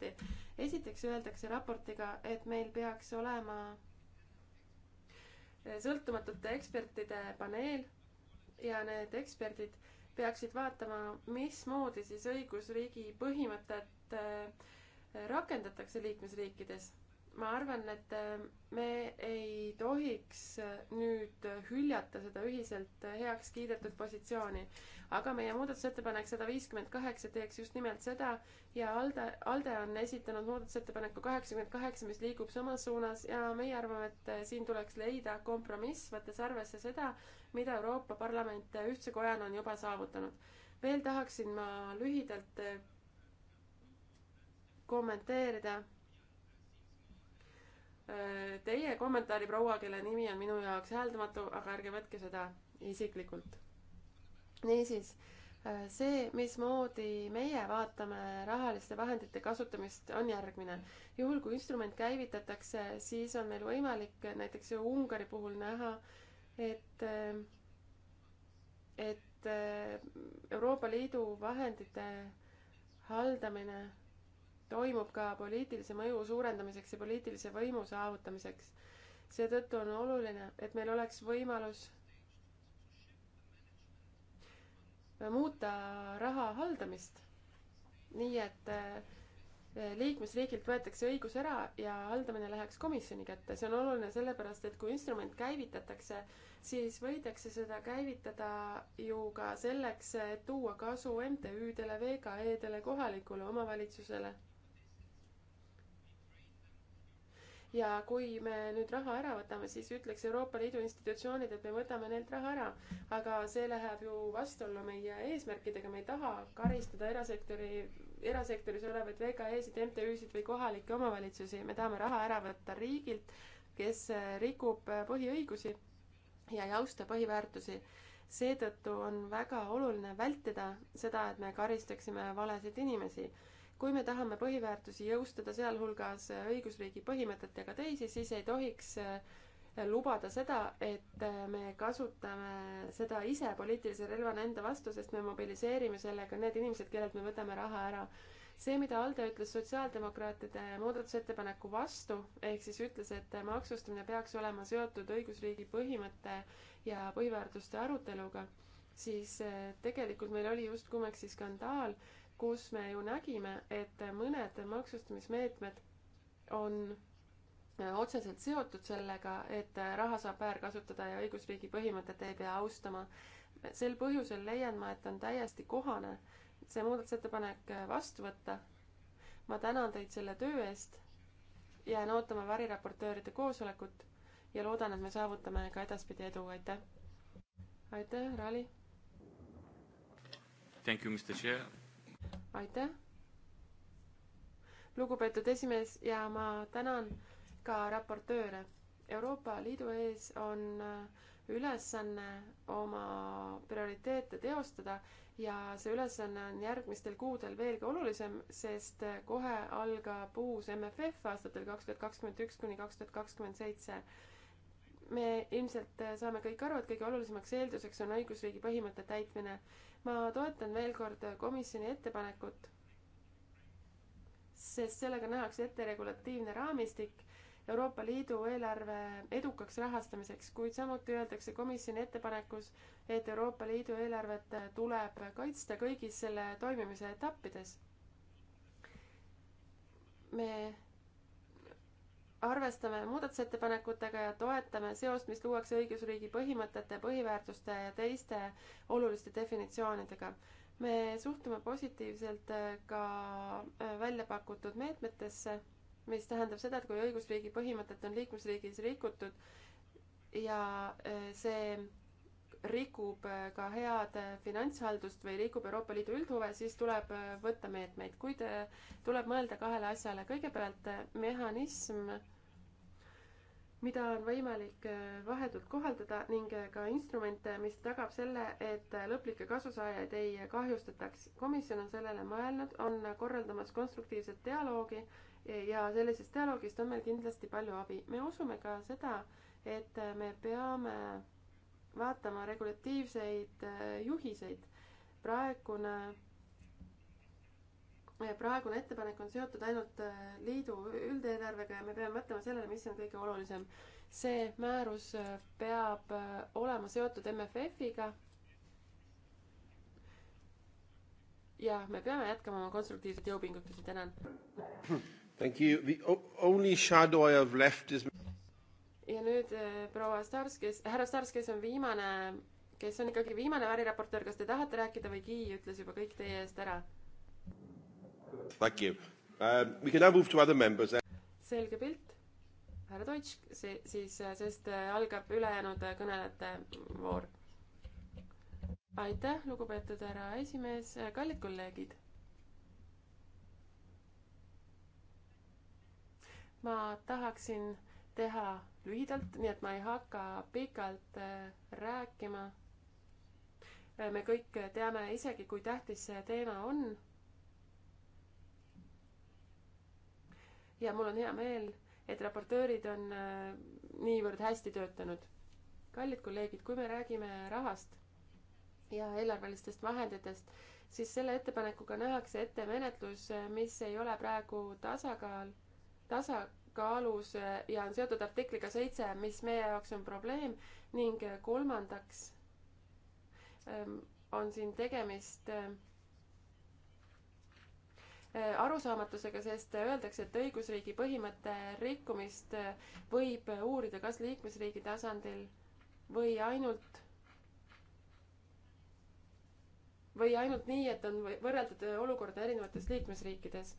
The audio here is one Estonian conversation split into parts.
punkti. esiteks öeldakse raportiga, et meil peaks olema sõltumatute ekspertide paneel ja need eksperdid peaksid vaatama, mismoodi siis õigusriigi põhimõtet äh, rakendatakse liikmesriikides ma arvan, et äh, me ei tohiks äh, nüüd hüljata seda ühiselt äh, heaks kiidetud positsiooni, aga meie muudatusettepanek sada viiskümmend kaheksa teeks just nimelt seda ja Alde, Alde on esitanud muudatusettepaneku kaheksakümmend kaheksa, mis liigub samas suunas ja meie arvame, et siin tuleks leida kompromiss, võttes arvesse seda, mida Euroopa Parlament ühtse kojana on juba saavutanud. veel tahaksin ma lühidalt kommenteerida teie kommentaari, proua, kelle nimi on minu jaoks hääldamatu, aga ärge võtke seda isiklikult. niisiis, äh, see, mismoodi meie vaatame rahaliste vahendite kasutamist, on järgmine. juhul, kui instrument käivitatakse, siis on meil võimalik näiteks ju Ungari puhul näha, et, äh, et äh, Euroopa Liidu vahendite haldamine toimub ka poliitilise mõju suurendamiseks ja poliitilise võimu saavutamiseks. seetõttu on oluline, et meil oleks võimalus muuta raha haldamist nii, et eh, liikmesriigilt võetakse õigus ära ja haldamine läheks komisjoni kätte. see on oluline sellepärast, et kui instrument käivitatakse, siis võidakse seda käivitada ju ka selleks, et tuua kasu MTÜ-dele, VKE-dele, kohalikule omavalitsusele ja kui me nüüd raha ära võtame, siis ütleks Euroopa Liidu institutsioonid, et me võtame neilt raha ära. aga see läheb ju vastuollu meie eesmärkidega, me ei taha karistada erasektori, erasektoris olevaid VKE-sid, MTÜ-sid või kohalikke omavalitsusi, me tahame raha ära võtta riigilt, kes rikub põhiõigusi ja ei austa põhiväärtusi seetõttu on väga oluline vältida seda, et me karistaksime valesid inimesi kui me tahame põhiväärtusi jõustada, sealhulgas õigusriigi põhimõtet ja ka teisi, siis ei tohiks äh, lubada seda, et äh, me kasutame seda ise poliitilise relvana enda vastu, sest me mobiliseerime sellega need inimesed, kellelt me võtame raha ära. see, mida Alde ütles sotsiaaldemokraatide muudatusettepaneku vastu, ehk siis ütles, et maksustamine peaks olema seotud õigusriigi põhimõtte ja põhiväärtuste aruteluga, siis äh, tegelikult meil oli just Cumexi nagu skandaal kus me ju nägime, et mõned maksustamismeetmed on äh, otseselt seotud sellega, et raha saab väärkasutada ja õigusriigi põhimõtet ei pea austama. sel põhjusel leian ma, et on täiesti kohane see muudatusettepanek äh, vastu võtta. ma tänan teid selle töö eest, jään ootama variraportööride koosolekut ja loodan, et me saavutame ka edaspidi edu, aitäh! aitäh, Rali! Thank you, Mr Chair aitäh, lugupeetud esimees ja ma tänan ka raportööre. Euroopa Liidu ees on äh, ülesanne oma prioriteete teostada ja see ülesanne on järgmistel kuudel veelgi olulisem, sest äh, kohe algab uus MFF aastatel kaks tuhat kakskümmend üks kuni kaks tuhat kakskümmend seitse me ilmselt äh, saame kõik aru, et kõige olulisemaks eelduseks on õigusriigi põhimõtte täitmine ma toetan veel kord komisjoni ettepanekut, sest sellega nähakse ette regulatiivne raamistik Euroopa Liidu eelarve edukaks rahastamiseks, kuid samuti öeldakse komisjoni ettepanekus, et Euroopa Liidu eelarvet tuleb kaitsta kõigis selle toimimise etappides. me arvestame muudatusettepanekutega ja toetame seost, mis luuakse õigusriigi põhimõtete, põhiväärtuste ja teiste oluliste definitsioonidega. me suhtume positiivselt äh, ka äh, välja pakutud meetmetesse, mis tähendab seda, et kui õigusriigi põhimõtet on liikmesriigis rikutud ja äh, see rikub ka head finantshaldust või rikub Euroopa Liidu üldhuve, siis tuleb võtta meetmeid, kuid tuleb mõelda kahele asjale. kõigepealt mehhanism mida on võimalik äh, vahetult kohaldada ning äh, ka instrumente, mis tagab selle, et äh, lõplikke kasusaajaid ei kahjustataks. komisjon on sellele mõelnud, on korraldamas konstruktiivset dialoogi ja sellisest dialoogist on meil kindlasti palju abi. me usume ka seda, et me peame vaatama regulatiivseid juhiseid. praegune praegune ettepanek on seotud ainult äh, liidu üldeelarvega ja me peame mõtlema sellele, mis on kõige olulisem. see määrus äh, peab äh, olema seotud MFF-iga. ja me peame jätkama oma konstruktiivseid jõupingutusi, tänan. Thank you, the only shadow I have left is. ja nüüd proua Stars, kes, härra Stars, kes on viimane, kes on ikkagi viimane variraportöör, kas te tahate rääkida või Kii ütles juba kõik teie eest ära Thank you. Um, we can now move to other members. selge pilt, härra Deutsch, see siis, äh, sest äh, algab ülejäänud äh, kõnelejate voor. aitäh, lugupeetud härra esimees, kallid kolleegid. ma tahaksin teha lühidalt, nii et ma ei hakka pikalt rääkima. me kõik teame isegi, kui tähtis see teema on ja mul on hea meel, et raportöörid on äh, niivõrd hästi töötanud. kallid kolleegid, kui me räägime rahast ja eelarvelistest vahenditest, siis selle ettepanekuga nähakse ette menetlus, mis ei ole praegu tasakaal, tasakaalus äh, ja on seotud artikliga seitse, mis meie jaoks on probleem ning äh, kolmandaks ähm, on siin tegemist Äh, arusaamatusega, sest öeldakse, et õigusriigi põhimõtte rikkumist äh, võib uurida kas liikmesriigi tasandil või ainult või ainult nii, et on võrreldud äh, olukorda erinevates liikmesriikides.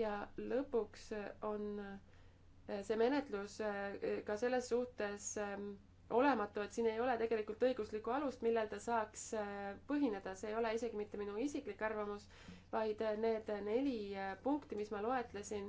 ja lõpuks on see menetlus ka selles suhtes ähm, olematu, et siin ei ole tegelikult õiguslikku alust, millel ta saaks põhineda, see ei ole isegi mitte minu isiklik arvamus, vaid need neli äh, punkti, mis ma loetlesin,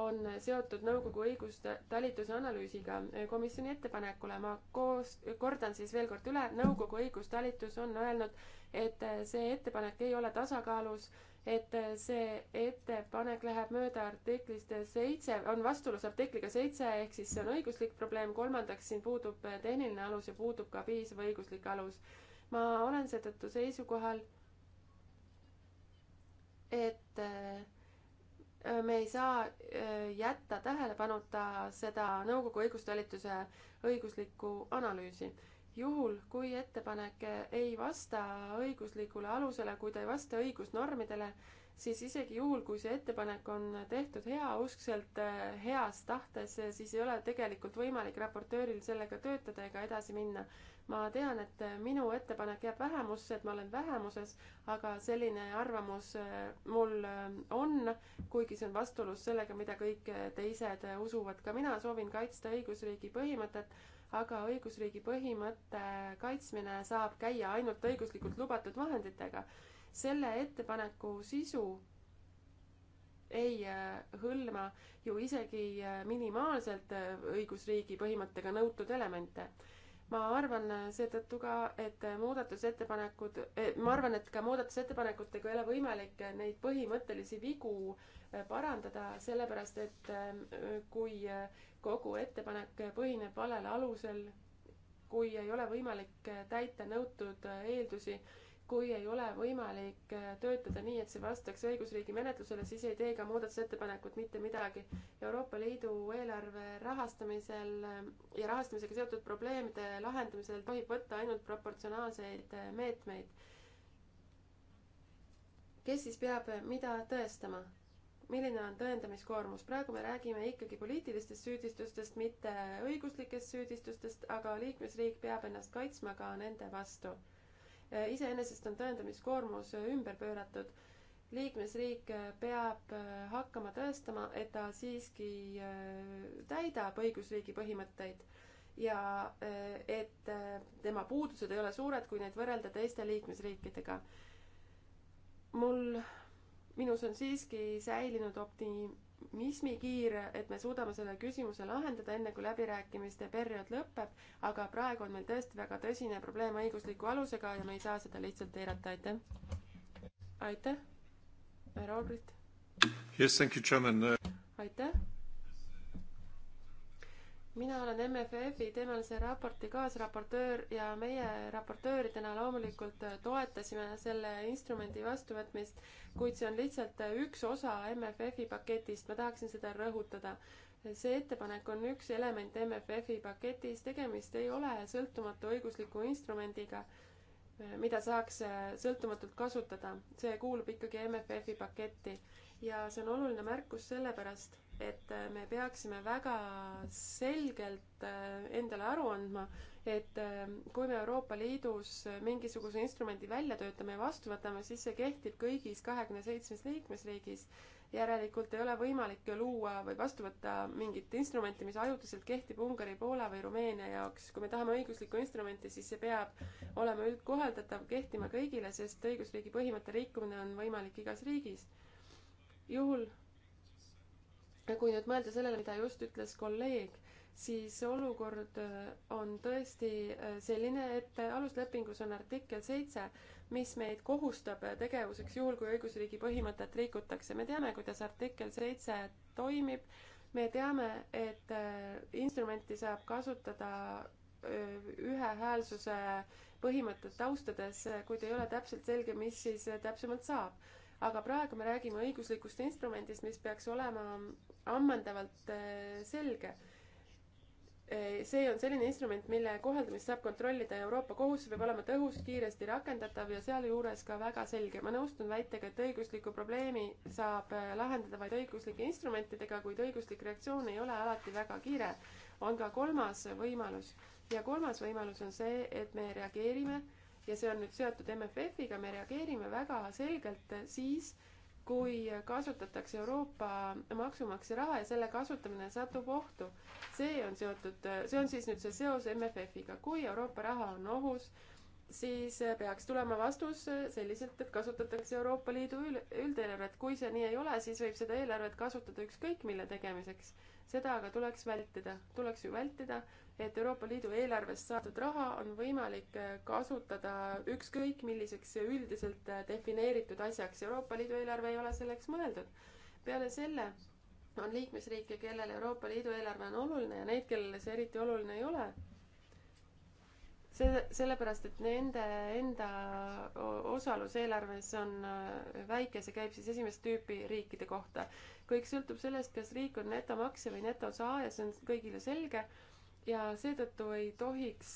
on seotud nõukogu õigustalituse analüüsiga äh, komisjoni ettepanekule. ma koos, kordan siis veel kord üle, nõukogu õigustalitus on öelnud, et äh, see ettepanek ei ole tasakaalus, et see ettepanek läheb mööda artiklist seitse, on vastuolus artikliga seitse, ehk siis see on õiguslik probleem, kolmandaks siin puudub tehniline alus ja puudub ka piisav õiguslik alus. ma olen seetõttu seisukohal et äh, me ei saa äh, jätta tähelepanuta seda nõukogu õigustalituse õiguslikku analüüsi. juhul, kui ettepanek ei vasta õiguslikule alusele, kui ta ei vasta õigusnormidele, siis isegi juhul, kui see ettepanek on tehtud heauskselt, äh, heas tahtes, siis ei ole tegelikult võimalik raportööril sellega töötada ega edasi minna ma tean, et äh, minu ettepanek jääb vähemusse, et ma olen vähemuses, aga selline arvamus äh, mul äh, on, kuigi see on vastuolus sellega, mida kõik teised usuvad. ka mina soovin kaitsta õigusriigi põhimõtet, aga õigusriigi põhimõtte kaitsmine saab käia ainult õiguslikult lubatud vahenditega. selle ettepaneku sisu ei hõlma ju isegi minimaalselt õigusriigi põhimõttega nõutud elemente ma arvan äh, seetõttu ka, et äh, muudatusettepanekud, äh, ma arvan, et ka muudatusettepanekutega ei ole võimalik neid põhimõttelisi vigu parandada, sellepärast et kui kogu ettepanek põhineb valel alusel, kui ei ole võimalik täita nõutud eeldusi, kui ei ole võimalik äh, töötada nii, et see vastaks õigusriigi menetlusele, siis ei tee ka muudatusettepanekud mitte midagi. Euroopa Liidu eelarve rahastamisel äh, ja rahastamisega seotud probleemide lahendamisel tohib võtta ainult proportsionaalseid äh, meetmeid. kes siis peab mida tõestama? milline on tõendamiskoormus. praegu me räägime ikkagi poliitilistest süüdistustest, mitte õiguslikest süüdistustest, aga liikmesriik peab ennast kaitsma ka nende vastu Eh, iseenesest on tõendamiskoormus eh, ümber pööratud. liikmesriik eh, peab hakkama tõestama, et ta siiski täidab õigusriigi põhimõtteid ja et tema puudused ei ole suured, kui neid võrrelda teiste liikmesriikidega. mul, minus on siiski säilinud opti-, optimismi kiire, et me suudame selle küsimuse lahendada, enne kui läbirääkimiste periood lõpeb, aga praegu on meil tõesti väga tõsine probleem õigusliku alusega ja me ei saa seda lihtsalt eirata, aitäh. aitäh, härra Albrecht. Yes, thank you, Chairman. aitäh mina olen MFF-i teemalise raporti kaasraportöör ja meie raportööridena loomulikult äh, toetasime selle instrumendi vastuvõtmist, kuid see on lihtsalt äh, üks osa MFF-i paketist, ma tahaksin seda rõhutada. see ettepanek on üks element MFF-i paketis, tegemist ei ole sõltumatu õigusliku instrumendiga, äh, mida saaks sõltumatult kasutada, see kuulub ikkagi MFF-i paketti ja see on oluline märkus sellepärast, et me peaksime väga selgelt äh, endale aru andma, et äh, kui me Euroopa Liidus mingisuguse instrumendi välja töötame ja vastu võtame, siis see kehtib kõigis kahekümne seitsmes liikmesriigis. järelikult ei ole võimalik ju luua või vastu võtta mingit instrumenti, mis ajutiselt kehtib Ungari, Poola või Rumeenia jaoks. kui me tahame õiguslikku instrumenti, siis see peab olema üldkohaldatav, kehtima kõigile, sest õigusriigi põhimõtte rikkumine on võimalik igas riigis juhul, kui nüüd mõelda sellele, mida just ütles kolleeg, siis olukord äh, on tõesti äh, selline, et äh, aluslepingus on artikkel seitse, mis meid kohustab tegevuseks juhul, kui õigusriigi põhimõtet rikutakse. me teame, kuidas artikkel seitse toimib, me teame, et instrumenti saab kasutada ühehäälsuse põhimõtet austades, kuid ei ole täpselt selge, mis siis täpsemalt saab aga praegu me räägime õiguslikust instrumendist, mis peaks olema ammendavalt äh, selge. Äh, see on selline instrument, mille kohaldamist saab kontrollida Euroopa Kohus, see peab olema tõhus, kiiresti rakendatav ja sealjuures ka väga selge. ma nõustun väitega, et õigusliku probleemi saab äh, lahendada vaid õiguslike instrumentidega, kuid õiguslik reaktsioon ei ole alati väga kiire. on ka kolmas võimalus ja kolmas võimalus on see, et me reageerime ja see on nüüd seotud MFF-iga, me reageerime väga selgelt siis, kui kasutatakse Euroopa maksumaksja raha ja selle kasutamine satub ohtu. see on seotud, see on siis nüüd see seos MFF-iga, kui Euroopa raha on ohus, siis peaks tulema vastus selliselt, et kasutatakse Euroopa Liidu üldeelarvet. kui see nii ei ole, siis võib seda eelarvet kasutada ükskõik mille tegemiseks. seda aga tuleks vältida, tuleks ju vältida et Euroopa Liidu eelarvest saadud raha on võimalik äh, kasutada ükskõik milliseks üldiselt äh, defineeritud asjaks. Euroopa Liidu eelarve ei ole selleks mõeldud. peale selle on liikmesriike, kellele Euroopa Liidu eelarve on oluline ja neid, kellele see eriti oluline ei ole. see, sellepärast, et nende enda osalus eelarves on äh, väike, see käib siis esimest tüüpi riikide kohta. kõik sõltub sellest, kas riik on netomaksja või netosaaja, see on kõigile selge ja seetõttu ei tohiks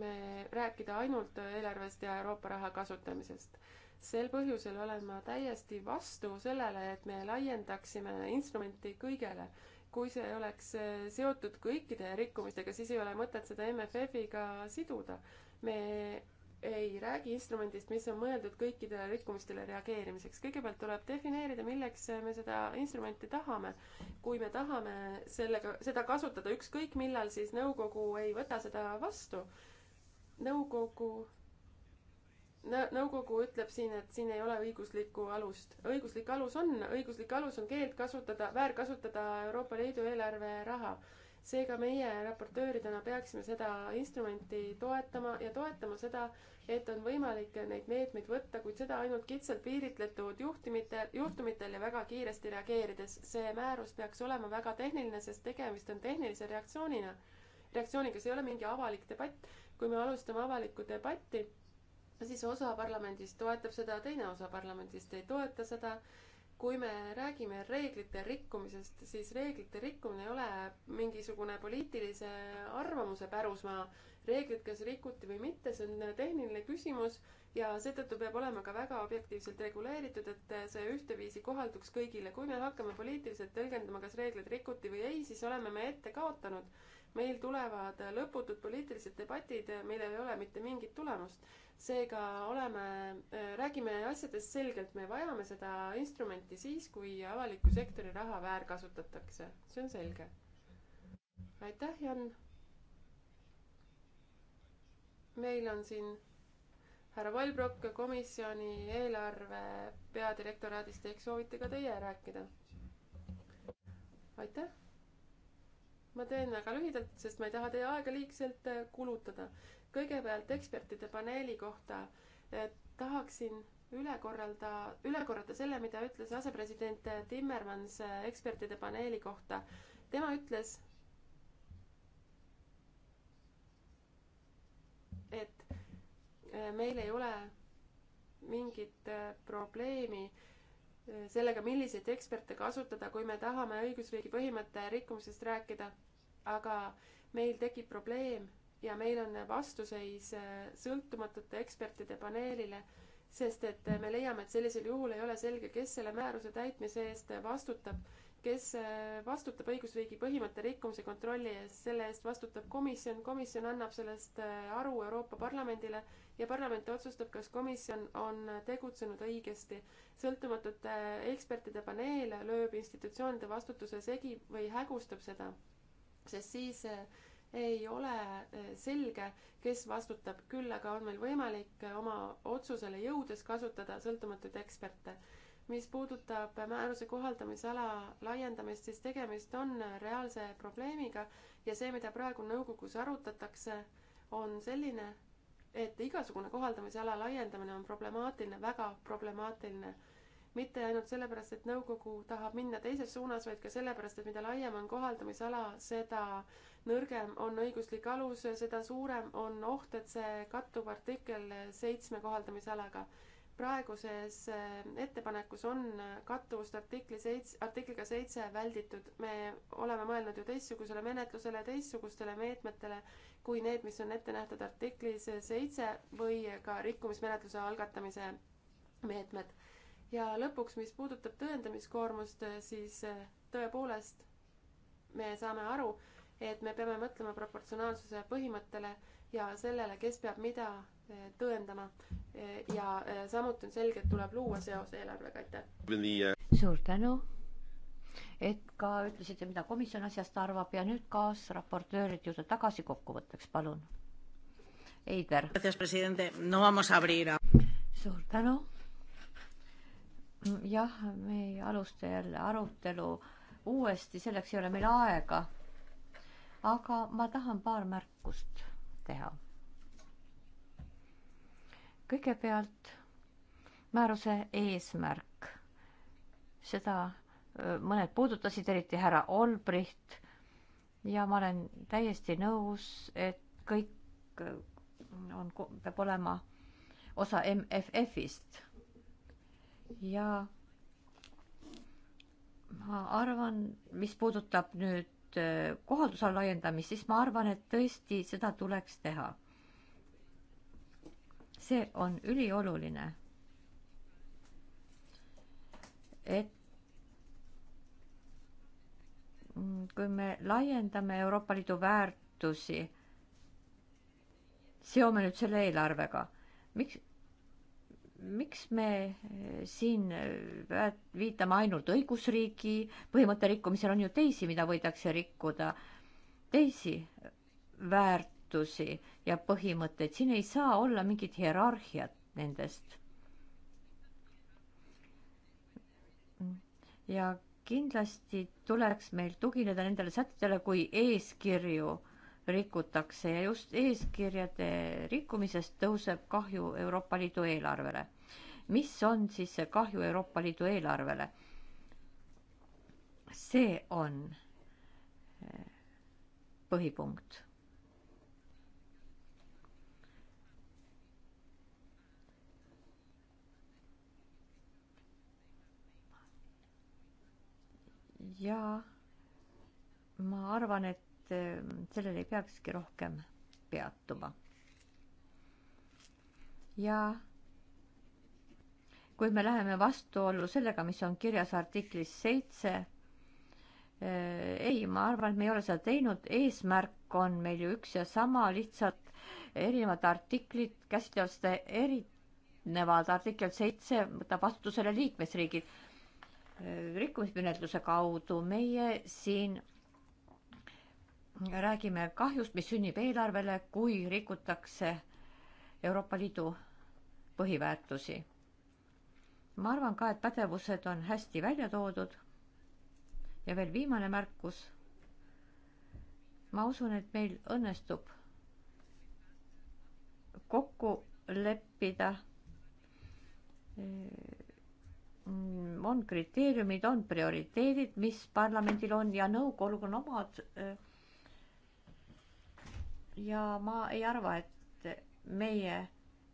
me rääkida ainult eelarvest ja Euroopa raha kasutamisest. sel põhjusel olen ma täiesti vastu sellele, et me laiendaksime instrumenti kõigele. kui see oleks seotud kõikide rikkumistega, siis ei ole mõtet seda MFF-iga siduda. me ei räägi instrumendist, mis on mõeldud kõikidele rikkumistele reageerimiseks. kõigepealt tuleb defineerida, milleks me seda instrumenti tahame. kui me tahame sellega, seda kasutada ükskõik millal, siis nõukogu ei võta seda vastu. nõukogu, nõukogu ütleb siin, et siin ei ole õiguslikku alust. õiguslik alus on, õiguslik alus on keeld kasutada, väärkasutada Euroopa Liidu eelarve raha seega meie raportööridena peaksime seda instrumenti toetama ja toetama seda, et on võimalik neid meetmeid võtta, kuid seda ainult kitsalt piiritletud juhtumite, juhtumitel ja väga kiiresti reageerides. see määrus peaks olema väga tehniline, sest tegemist on tehnilise reaktsioonina, reaktsiooniga, see ei ole mingi avalik debatt. kui me alustame avalikku debatti, siis osa parlamendist toetab seda, teine osa parlamendist ei toeta seda kui me räägime reeglite rikkumisest, siis reeglite rikkumine ei ole mingisugune poliitilise arvamuse pärusmaa. reeglit kas rikuti või mitte, see on tehniline küsimus ja seetõttu peab olema ka väga objektiivselt reguleeritud, et see ühteviisi kohalduks kõigile. kui me hakkame poliitiliselt tõlgendama, kas reegleid rikuti või ei, siis oleme me ette kaotanud. meil tulevad lõputud poliitilised debatid, millel ei ole mitte mingit tulemust seega oleme, äh, räägime asjadest selgelt, me vajame seda instrumenti siis, kui avaliku sektori raha väärkasutatakse, see on selge. aitäh, Jan. meil on siin härra Valbrok komisjoni eelarve peadirektoraadist, eks soovite ka teie rääkida? aitäh ma teen väga lühidalt, sest ma ei taha teie aega liigselt äh, kulutada. kõigepealt ekspertide paneeli kohta äh, tahaksin üle korralda, üle korrata selle, mida ütles asepresident äh, Timmermans ekspertide paneeli kohta. tema ütles, et meil ei ole mingit probleemi äh, sellega, milliseid eksperte kasutada, kui me tahame õigusriigi põhimõtte rikkumisest rääkida. aga meil tekib probleem ja meil on vastuseis äh, sõltumatute ekspertide paneelile, sest et me leiame, et sellisel juhul ei ole selge, kes selle määruse täitmise eest vastutab kes äh, vastutab õigusriigi põhimõtte rikkumise kontrolli eest, selle eest vastutab komisjon, komisjon annab sellest äh, aru Euroopa Parlamendile ja parlament otsustab, kas komisjon on tegutsenud õigesti. sõltumatute äh, ekspertide paneel lööb institutsioonide vastutuse segi või hägustab seda, sest siis ei ole selge, kes vastutab, küll aga on meil võimalik oma otsusele jõudes kasutada sõltumatuid eksperte mis puudutab määruse kohaldamisala laiendamist, siis tegemist on reaalse probleemiga ja see, mida praegu nõukogus arutatakse, on selline, et igasugune kohaldamisala laiendamine on problemaatiline, väga problemaatiline. mitte ainult sellepärast, et nõukogu tahab minna teises suunas, vaid ka sellepärast, et mida laiem on kohaldamisala, seda nõrgem on õiguslik alus, seda suurem on oht, et see kattub artikkel seitsme kohaldamisalaga praeguses äh, ettepanekus on äh, kattuvust artikli seitse, artikliga seitse välditud. me oleme mõelnud ju teistsugusele menetlusele, teistsugustele meetmetele kui need, mis on ette nähtud artiklis äh, seitse või ka rikkumismenetluse algatamise meetmed. ja lõpuks, mis puudutab tõendamiskoormust, siis tõepoolest me saame aru, et me peame mõtlema proportsionaalsuse põhimõttele ja sellele, kes peab mida tõendama ja äh, samuti on selge, et tuleb luua seos eelarvega, aitäh. Äh, suur tänu, et ka ütlesite, mida komisjon asjast arvab ja nüüd kaasraportöörid juurde tagasi kokkuvõtteks, palun. Eider. suur tänu. jah, me ei alusta jälle arutelu uuesti, selleks ei ole meil aega. aga ma tahan paar märkust teha kõigepealt määruse eesmärk. seda mõned puudutasid, eriti härra Olbricht ja ma olen täiesti nõus, et kõik on, peab olema osa MFF-ist. ja ma arvan, mis puudutab nüüd kohaldusala laiendamist, siis ma arvan, et tõesti seda tuleks teha see on ülioluline, et kui me laiendame Euroopa Liidu väärtusi, seome nüüd selle eelarvega, miks, miks me siin viitame ainult õigusriigi põhimõtte rikkumisel, on ju teisi, mida võidakse rikkuda, teisi väärt-, väärtusi ja põhimõtteid, siin ei saa olla mingit hierarhiat nendest. ja kindlasti tuleks meil tugineda nendele sätetele, kui eeskirju rikutakse ja just eeskirjade rikkumisest tõuseb kahju Euroopa Liidu eelarvele. mis on siis see kahju Euroopa Liidu eelarvele? see on eh, põhipunkt ja ma arvan, et e, sellel ei peakski rohkem peatuma. ja kui me läheme vastuollu sellega, mis on kirjas artiklis seitse, e, ei, ma arvan, et me ei ole seda teinud, eesmärk on meil ju üks ja sama, lihtsalt erinevad artiklid käsitlevad seda erinevalt, artikkel seitse võtab vastutusele liikmesriigid rikkumismenetluse kaudu meie siin räägime kahjust, mis sünnib eelarvele, kui rikutakse Euroopa Liidu põhiväärtusi. ma arvan ka, et pädevused on hästi välja toodud. ja veel viimane märkus. ma usun, et meil õnnestub kokku leppida on kriteeriumid, on prioriteedid, mis parlamendil on ja nõukogul on omad. ja ma ei arva, et meie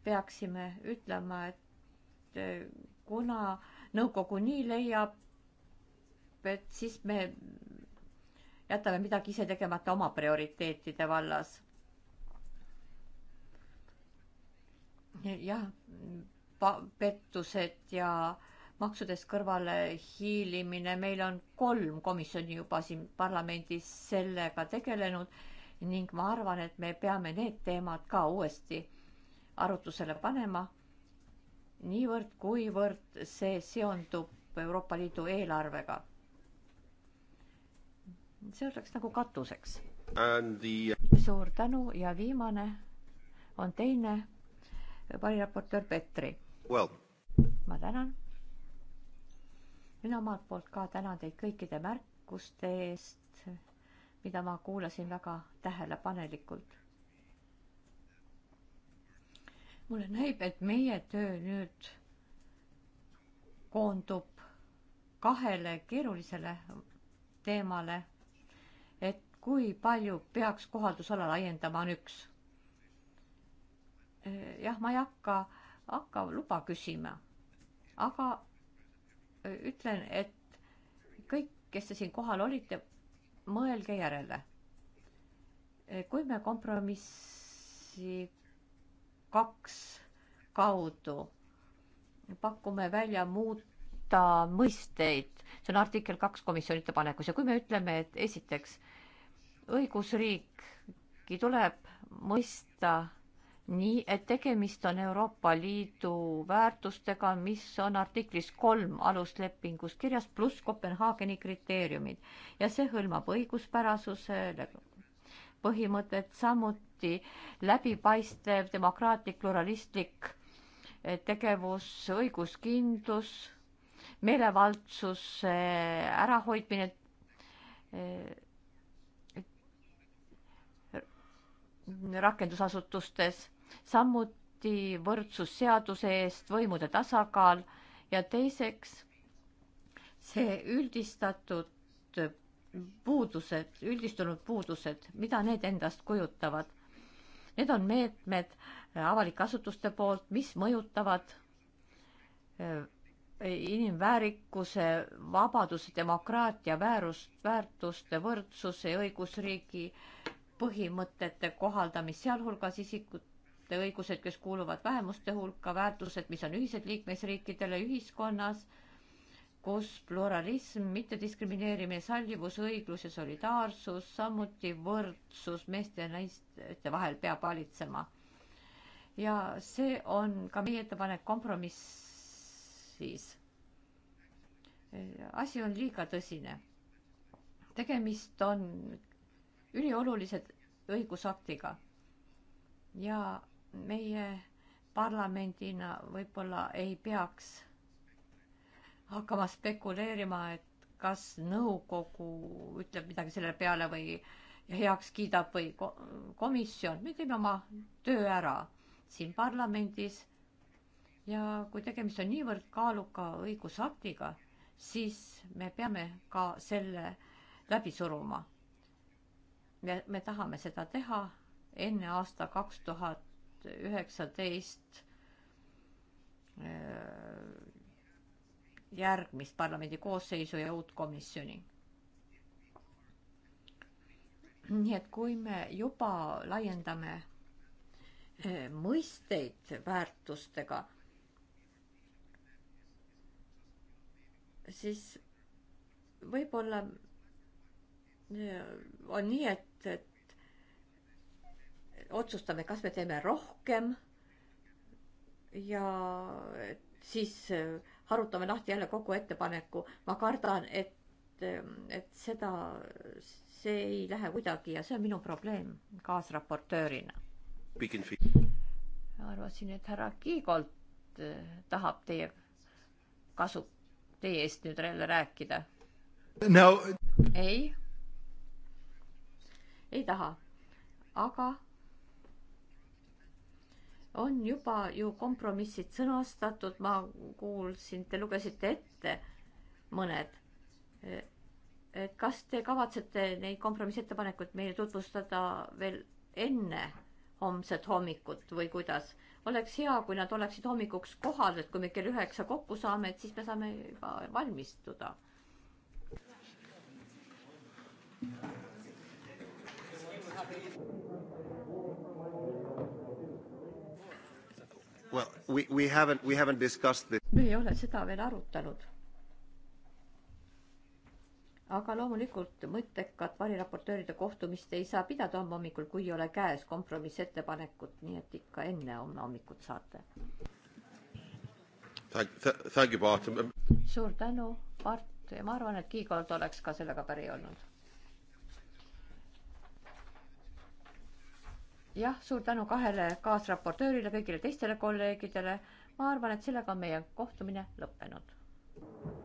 peaksime ütlema, et eh, kuna nõukogu nii leiab, et siis me jätame midagi ise tegemata oma prioriteetide vallas. jah, pettused ja maksudest kõrvale hiilimine, meil on kolm komisjoni juba siin parlamendis sellega tegelenud ning ma arvan, et me peame need teemad ka uuesti arutusele panema. niivõrd, kuivõrd see seondub Euroopa Liidu eelarvega. see oleks nagu katuseks. The... suur tänu ja viimane on teine variraportöör Petri well.. ma tänan mina omalt poolt ka tänan teid kõikide märkuste eest, mida ma kuulasin väga tähelepanelikult. mulle näib, et meie töö nüüd koondub kahele keerulisele teemale, et kui palju peaks kohaldusala laiendama, on üks. jah, ma ei hakka, hakka luba küsima, aga ütlen, et kõik, kes te siin kohal olite, mõelge järele. kui me kompromissi kaks kaudu pakume välja muuta mõisteid, see on artikkel kaks komisjoni ettepanekus ja kui me ütleme, et esiteks õigusriiki tuleb mõista nii et tegemist on Euroopa Liidu väärtustega, mis on artiklis kolm aluslepingus kirjas, pluss Kopenhaageni kriteeriumid ja see hõlmab õiguspärasuse põhimõtet, samuti läbipaistev demokraatlik pluralistlik eh, tegevus, õiguskindlus, meelevaldsuse ärahoidmine eh, rakendusasutustes samuti võrdsus seaduse eest, võimude tasakaal ja teiseks see üldistatud puudused, üldistunud puudused, mida need endast kujutavad. Need on meetmed avalike asutuste poolt, mis mõjutavad eh, inimväärikuse, vabaduse, demokraatia, väärust, väärtuste, võrdsuse ja õigusriigi põhimõtete kohaldamist, sealhulgas isikut, vähemuste õigused, kes kuuluvad vähemuste hulka, väärtused, mis on ühised liikmesriikidele ühiskonnas, kus pluralism, mittediskrimineerimine, sallivus, õiglus ja solidaarsus, samuti võrdsus meeste ja naiste vahel peab valitsema. ja see on ka meie ettepanek kompromissis. asi on liiga tõsine. tegemist on üliolulise õigusaktiga ja meie parlamendina võib-olla ei peaks hakkama spekuleerima, et kas nõukogu ütleb midagi selle peale või heaks kiidab või komisjon, me teeme oma töö ära siin parlamendis. ja kui tegemist on niivõrd kaaluka õigusaktiga, siis me peame ka selle läbi suruma. me, me tahame seda teha enne aasta kaks tuhat üheksateist äh, järgmist parlamendi koosseisu ja uut komisjoni. nii et kui me juba laiendame äh, mõisteid väärtustega, siis võib-olla äh, on nii, et, et otsustame, kas me teeme rohkem ja siis harutame äh, lahti jälle kogu ettepaneku. ma kardan, et, ähm, et seda, see ei lähe kuidagi ja see on minu probleem kaasraportöörina. arvasin, et härra Kiigolt äh, tahab teie kasu, teie eest nüüd jälle rääkida no.. ei, ei taha, aga on juba ju kompromissid sõnastatud, ma kuulsin, te lugesite ette mõned. et kas te kavatsete neid kompromissettepanekuid meile tutvustada veel enne homset hommikut või kuidas? oleks hea, kui nad oleksid hommikuks kohal, et kui me kell üheksa kokku saame, et siis me saame juba valmistuda. Well, we, we haven't, we haven't discussed this. me ei ole seda veel arutanud. aga loomulikult mõttekat variraportööride kohtumist ei saa pidada homme hommikul, kui ei ole käes kompromissettepanekut, nii et ikka enne homme hommikut saate. suur tänu, Mart, ja ma arvan, et Kiigold oleks ka sellega päri olnud jah, suur tänu kahele kaasraportöörile, kõigile teistele kolleegidele. ma arvan, et sellega on meie kohtumine lõppenud.